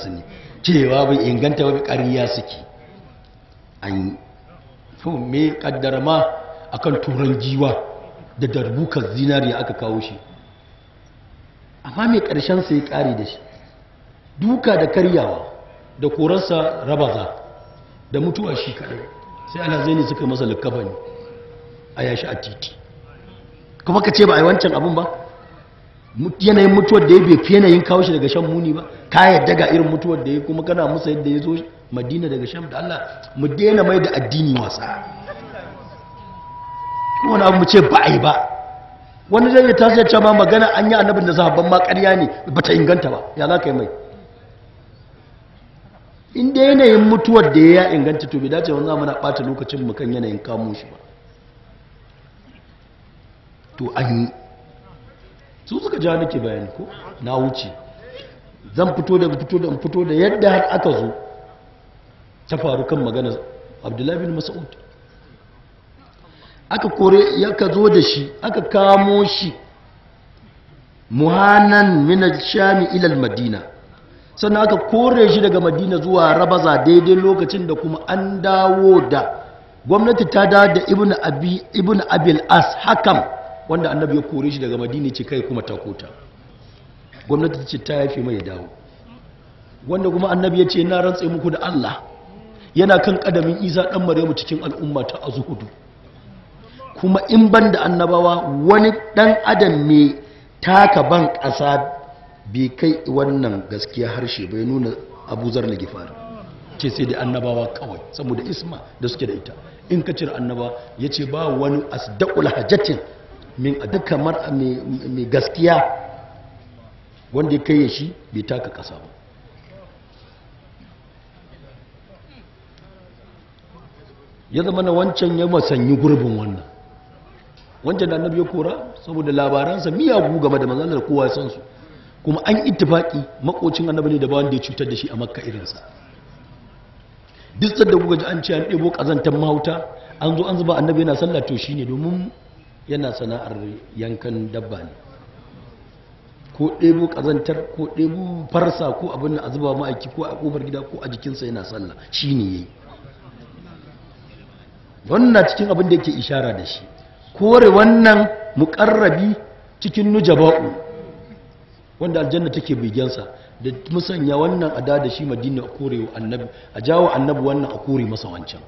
su cewa bai inganta wani kariya suke an to mai kaddara ma akan turan giwa da darbukar zinariya aka kawo shi amma mai ƙarshen sai kare da shi duka da karyawa da korarsa rabaza da mutuwa shi kaɗai sai ana zai ne suka masa likafa ne a yashi a titi kuma ka ce ba a yi wancan abun ba yanayin mutuwar da ya bai fi yanayin kawo shi daga shan muni ba ka yadda ga irin mutuwar da ya kuma kana musa yadda ya zo madina daga shan da allah mu daina mai da addini wasa wani abu mu ce ba a yi ba wani zai ya tasiri ce ma magana an yi annabin da sahabban ma ƙarya ne ba ta inganta ba ya za ka yi mai inda yanayin mutuwar da ya inganta to bai dace wani zamana ɓata lokacin mu kan yanayin kamo shi ba to an yi su suka ja nake bayani ko na wuce zan fito da fito da fito da yadda har aka zo ta faru kan magana abdullahi bin mas'ud aka kore yaka zo da shi aka kamo shi muhanan min shami ila madina sannan aka kore shi daga madina zuwa rabaza daidai lokacin da kuma an dawo da gwamnati ta dawo da ibn abi ibnu abil as hakam wanda annabi ya kore shi daga madini ce kai kuma ta kota gwamnati ta ce ta yafe mai dawo wanda kuma annabi ya ce na rantse muku da Allah yana kan kadamin Isa dan Maryamu cikin al'umma ta azhudu kuma in ban da annabawa wani dan adam ne taka ban ƙasa bai kai wannan gaskiya harshe bai nuna abuzar na gifari ce sai da annabawa kawai saboda isma da suke da ita in ka cire annaba ya ce ba wani asdaqul hajatin min duk kamar mai gaskiya wanda ya kai shi bai taka kasa ba ya zama na wancan ya masanyi gurbin wannan wancan da annabi ya kora saboda labaransa miyagu game da manzanar kowa ya san su kuma an ittifaki makocin annabi ne da ba wanda ya cutar da shi a makka irinsa duk da kuka ji an ce an ɗebo ƙazantar mahauta an zo an zuba annabi yana sallah to ne domin yana sana'ar yankan dabba ne ko ɗebo ƙazantar ko ɗebo farsa ko abin da a zuba ma'aiki ko a ƙofar gida ko a jikinsa yana sallah shi ne ya yi wannan cikin abin da yake ishara da shi kore wannan muƙarrabi cikin nujaba'u wanda aljanna take bigensa da musanya wannan a da shi madina a korewa annabi a jawo annabi wannan a kore masa wancan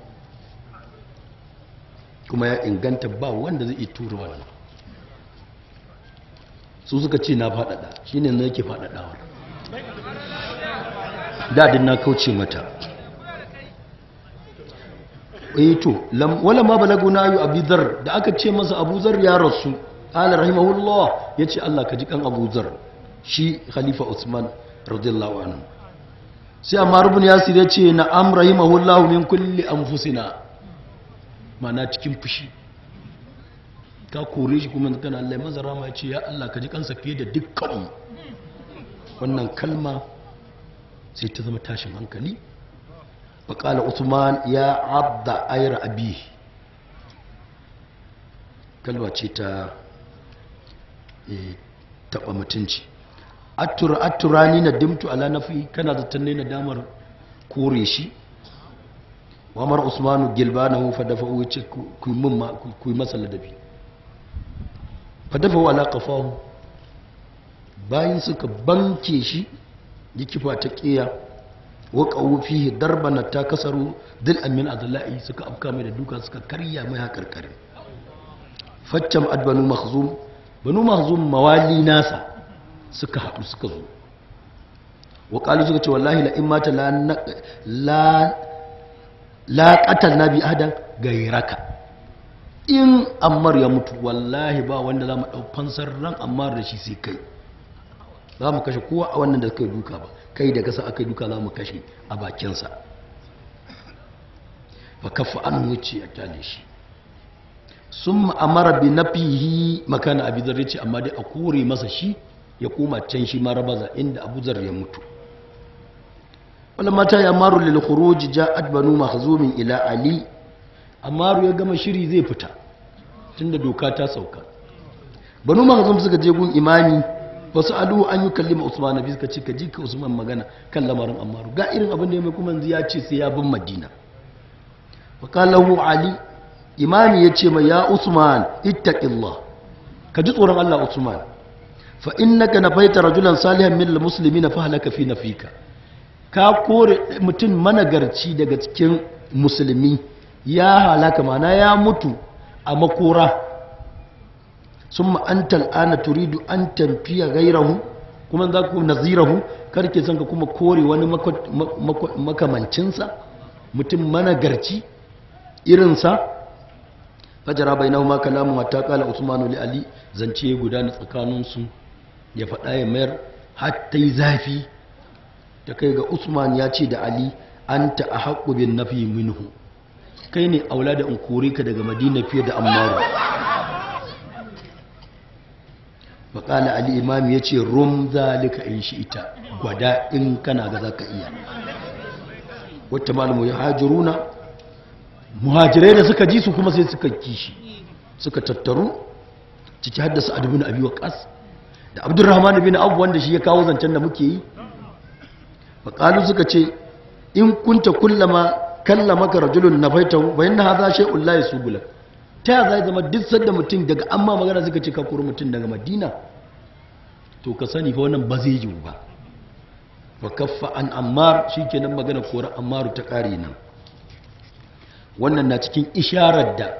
kuma ya inganta ba wanda zai tura wannan su suka ce na faɗaɗa shi ne na yake faɗaɗawa dadin na kauce mata eh to wala ma balagu na yi abizar da aka ce masa abuzar ya rasu ala rahimahullah ya ce allah ka ji kan abuzar shi khalifa usman radiyallahu anhu sai amma rubun ya ya ce na am rahimahullah min kulli anfusina mana cikin fushi ka kore shi kuma kana Allah manzan rama ya ce ya Allah ka ji kansa fiye da dukkan wannan kalma sai ta zama tashin hankali kala usman ya abda ayra abi kalma ce ta eh, taɓa mutunci attura aturani na dimtu ala nafi kana da tanne na damar kore shi mamar usmanu gilbanahu fa dafa wuce ku mun ma ku masa ladabi fa dafa wala qafahu bayan suka banke shi ya kifa ta kiya wa qawu fihi darban ta kasaru dil amin adla'i suka afka mai da duka suka karya mai hakarkare faccam adbanu mahzum banu mahzum mawali nasa suka haɗu suka zo wa qalu suka ce wallahi la in mata la la na biya ahadan gairaka in ammar ya mutu wallahi ba wanda za mu ɗau fansar ran ammar da shi sai kai za mu kashe kowa a wannan da kai duka ba kai da gasa aka duka za mu kashe a bakinsa fa kafa an wuce a tale shi sun ma'amara bi na fihi makana abu ya ce amma dai a kore masa shi ya koma can shi marabaza inda zarri ya mutu ولما تاي أمار للخروج جاءت بنو مخزوم إلى علي أمار يقام شري ذي فتا تند دوكاتا سوكا بنو مخزوم سكا جيبون إمامي فسألوا أن يكلم عثمان نبي سكا جيكا جيكا عثمان مغانا كلم رم أمار غائر أبن يمكم أن زياتي سياب مدينة وقال له علي إمامي يتشم يا عثمان اتق الله كجد ورم الله عثمان فإنك نفيت رجلا صالحا من المسلمين فهلك في نفيك ka kore mutum managarci daga cikin musulmi ya halaka mana ya mutu a makora sun ma'antar ana turidu an tamfiya gairahu kuma za ku nazirahu karke son ka kuma kore wani makamancinsa mutum managarci irinsa fajara bai nahu maka lamun wata kala usmanu li ali zance guda na tsakaninsu ya faɗa ya mayar hatta yi zafi da kai ga usman ya ce da ali an ta a haƙƙu bin nafi minhu kai ne aula da in kore ka daga madina fiye da ammaru makala ali imam ya ce rum zalika in shi ita gwada in kana ga zaka iya wata malamu ya hajiruna muhajirai da suka ji su kuma sai suka kishi suka tattaru ciki haddasa adibin abi ƙas da abdurrahman bin abu wanda shi ya kawo zancen da muke yi faƙalu suka ce in kunta kullama kallama maka rajulun na faita bayan na haza shi ulla ya subula ta ya zama duk sanda mutum daga amma magana suka ce ka kuri mutum daga madina to ka sani fa wannan ba zai yiwu ba wa kaffa an ammar shi kenan magana kora ammaru ta ƙare nan wannan na cikin isharar da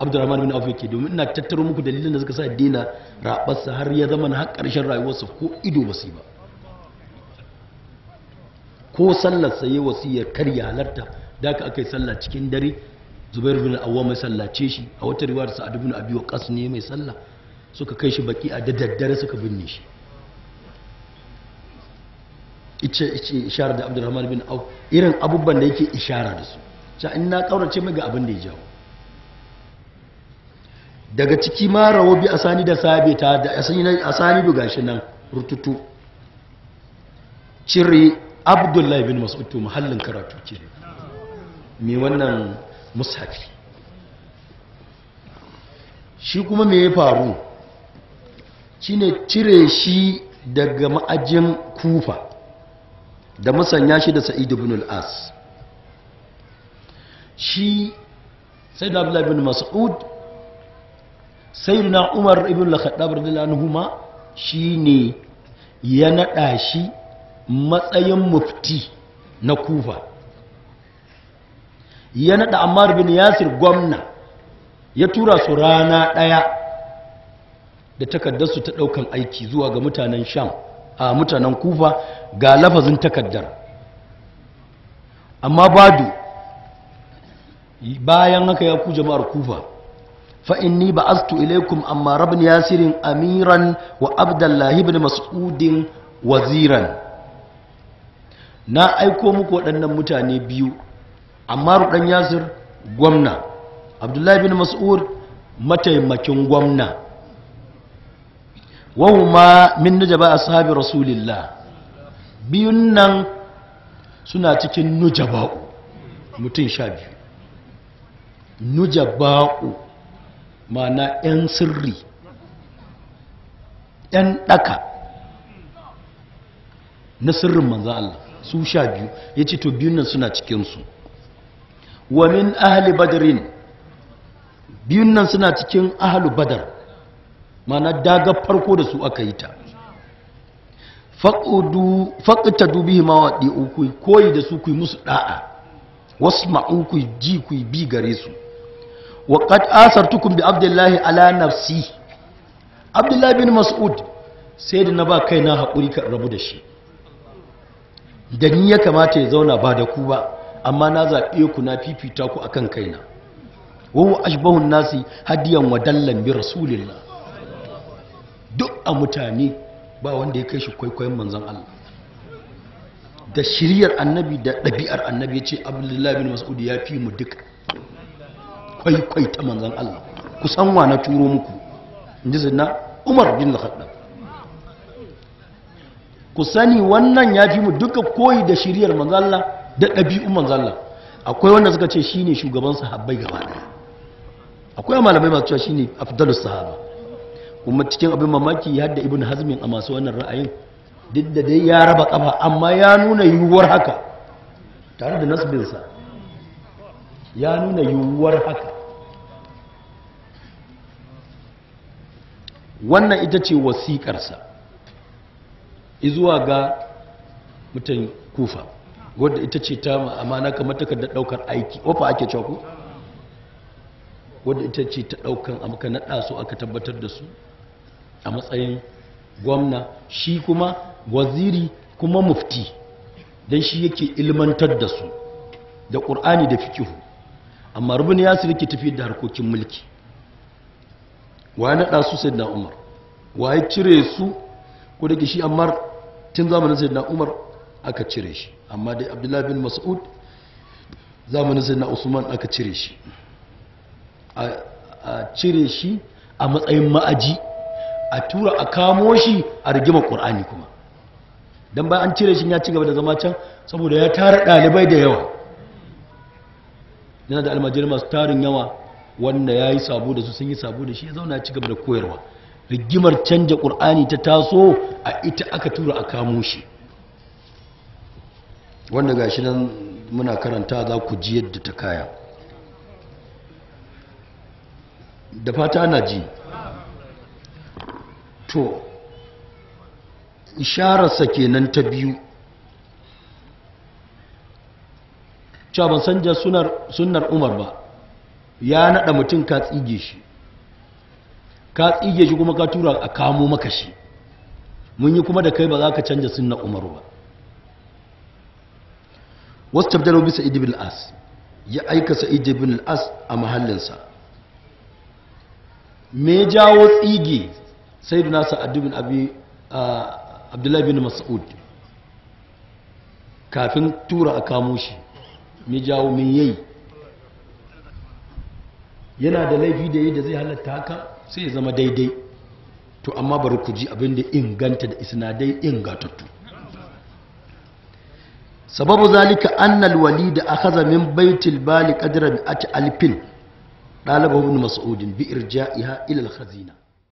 abdurrahman bin afu yake domin ina tattaro muku dalilin da suka sa dina rabarsa har ya zama na har ƙarshen rayuwarsa ko ido ba su yi ba ko sallar saye wasiyar kar ya halarta da aka aka yi sallah cikin dare zubair bin awwa mai sallace shi a wata riwayar sa'ad bin abi waqas ne mai sallah suka kai shi baki a daddare suka binne shi ice ice isharar da abdurrahman bin au irin abubban da yake ishara da su sha in na kaurace mai ga abin da ya jawo daga ciki ma biyu bi asani da sabita da asani asani gashi nan rututu cire abdullahi bin mas'ud muhallin karatu ke me wannan mushafi shi kuma me ya faru shine cire shi daga ma'ajin kufa da masanya shi da Sa'idu Bin al shi sai da abdullahi bin mas'ud sai na umar ibn al da lanuhu ma shi shine ya naɗa shi matsayin mufti na kufa ya naɗa amar bin yasir gwamna ya tura su rana ɗaya da takaddarsu ta ɗaukan aiki zuwa ga mutanen sham a mutanen kufa ga lafazin takardar amma badu bayan haka ya ku jama'ar kufa ni ba astu ilaikum amma rabin yasirin amiran wa abdullahi bin mas'udin waziran na aiko muku waɗannan mutane biyu amma ruɗan yasir gwamna abdullahi bin mas'ud mataimakin gwamna ma min nujaba sahabi rasulillah biyun nan suna cikin nujaba'u mutum sha biyu nujaba'u mana 'yan sirri 'yan ɗaka na sirrin manzan Allah su sha biyu ya ce to biyun nan suna cikinsu wa min badarin biyun nan suna cikin ahalu badar mana daga farko da su aka yi ta faƙita dubi ma waɗe uku koyi da su ku musu ɗa'a wasu ma'uku ji ku bi gare su waƙat asar tukun bi abdullahi ala nafsi abdullahi bin mas'ud sai da na ba kai na haƙuri ka rabu da shi da ni ya kamata ya zauna ba da ku ba amma na zaɓe ku na fifita ku akan kaina wawo ashbahun nasi hadiyan wa bi rasulillah duk a mutane ba wanda ya kai shi kwaikwayon manzon Allah da shiriyar annabi da ɗabi'ar annabi ya ce abdullahi bin mas'ud ya fi mu duka kwaikwai ta manzon Allah kusan wa na turo muku zina, umar bin khattab ku sani wannan ya fi mu duka koyi da shiriyar manzalla da ɗabi'un manzalla akwai wanda suka ce shine shugaban sahabbai gaba ɗaya akwai malamai masu cewa shine Abdulsahab. sahaba kuma cikin abin mamaki ya hadda ibn hazmin a masu wannan ra'ayin duk da dai ya raba kafa amma ya nuna yiwuwar haka tare da nasbinsa ya nuna yiwuwar haka wannan ita ce wasiƙarsa izuwa ga mutan kufa wadda ita ce ta amana kamar takardar daukar aiki ofa ake cewa ku wadda ita ce ta daukan amka naɗa su aka tabbatar da su a matsayin gwamna shi kuma waziri kuma mufti don shi yake ilmantar da su da ƙur'ani da fikihu amma rubin yasir yake tafi da harkokin mulki wa naɗa su sai umar wa ya cire su ko da shi amma tun zamanin sayyidina umar aka cire shi amma dai abdullahi bin mas'ud zamanin sayyidina usman aka cire shi a cire shi a matsayin ma'aji a tura a kamo shi a rigima ƙur'ani kuma don bayan an cire shi ya ci gaba da zama can saboda ya tara ɗalibai da yawa yana da almajirai masu tarin yawa wanda ya yi sabu da su sun yi sabu da shi ya zauna ya ci gaba da koyarwa rigimar canja ƙur'ani ta taso a ita aka tura a kamo shi wanda ga shi nan muna karanta za ku ji yadda ta kaya da fata na ji to ishararsa kenan ta biyu cewa ban san sunar umar ba ya naɗa mutum ka tsige shi ka tsige shi kuma ka tura a kamo maka shi mun yi kuma da kai ba za ka canja sunna umar ba wasu tabdalo bisa idibin as ya aika sa idibin as a mahallinsa me jawo tsige sai da nasa adibin abdullahi bin mas'ud kafin tura a kamo shi me jawo min yayi yana da laifi da yi da zai halatta haka sai ya zama daidai to amma bari ku ji abin da inganta da isnadai ingatattu sababu zalika annal walid akhadha min baitil bali qadra bi alfin dalaba ibn mas'ud bi irja'iha ila al khazina